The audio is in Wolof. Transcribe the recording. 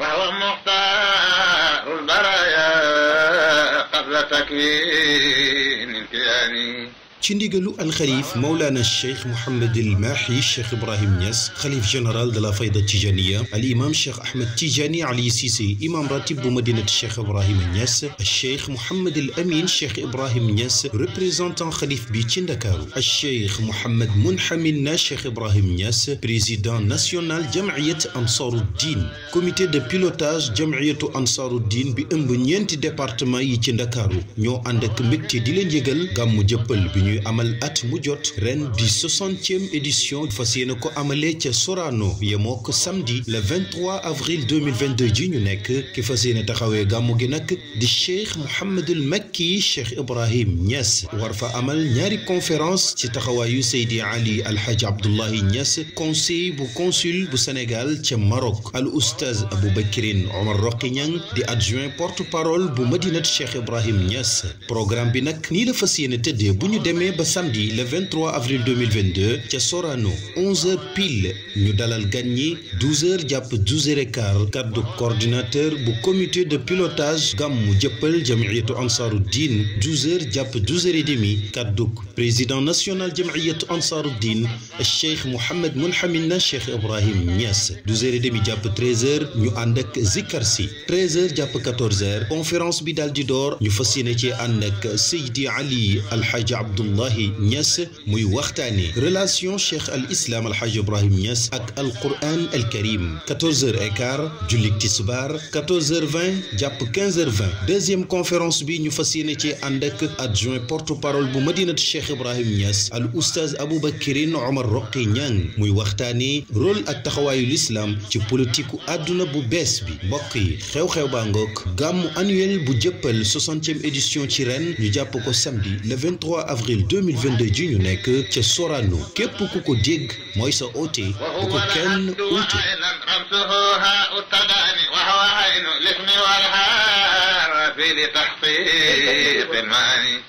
وهو مختار البرايا قبل تكوين الكيان تشنديغلو الخليف مولانا الشيخ محمد الماحي الشيخ ابراهيم نياس خليف جنرال دلا فايدة التيجانية الامام الشيخ احمد تيجاني علي سيسي امام راتب بمدينة الشيخ ابراهيم نياس الشيخ محمد الامين الشيخ ابراهيم نياس ريبريزونتان خليف بيتشندكارو الشيخ محمد منحمي الشيخ ابراهيم نياس بريزيدون ناسيونال جمعية انصار الدين كوميتي دو بيلوتاج جمعية انصار الدين بامبنيانتي ديبارتمان يتشندكارو نيو عندك مكتي ديلين جيجل جامو جبل بنيو ñuy amal at mu jot ren di soixantième édition fa yéene ko amalee ca Sorano yemook samedi le 23 avril 2022 ji ñu nekk ki fa yéene taxawee gàmmu gi nag di Cheikh Mouhamadul Makki Cheikh Ibrahim Niass war fa amal ñaari conférence ci taxawaayu Seydi Ali Alhaji Abdoulahi Niass conseil bu consul bu senegal ca Maroc al oustaz Aboubacrine Omar Roqi Niang di adjoint porte parole bu Madinat Cheikh Ibrahim Niass programme bi nag nii la fas yéene tëddee bu ñu demee samedi le 23 avril 2022 ca Sorano 11h pile nous dalal gagner. 12h diap 12h15 cadre coordinateur du comité de pilotage Gamou jëppal jamiyatu Ansaruddin, Ansaruddin. 12h diap 12h30 cadre président national jamiyatu Ansaruddin, cheikh Cheikh Mouhamed Mounhamina Cheikh Ibrahim Nias. 12h30 diap 13h nous Andek Zikarsi. 13h diap 14h conférence Bidal Didor, nous door ñu fas ci ànd ak Seydi Ali Abdullahi Niass muy waxtaane relation cheikh al islam alhaj Ibrahim Niass ak al quran al karim 14h15 jullik tisbaar 14h20 jàpp 15h20 deuxième conférence bi ñu fas yéene ci ànd ak adjoint porte-parole bu madinatu cheikh Ibrahim Niass al oustaz Aboubakirin Omar Roqi Niang muy waxtaane rôle ak taxawaayu l'islam ci politiku àdduna bu bees bi mbokk yi xew-xew baa ngoog gàmmu annuel bu jëppal 60e édition ci ren ñu jàpp ko samedi le 23 avril 2022 ji ñu que ca Sorano képp ku ko dégg mooy sa oote bu ko kenn uute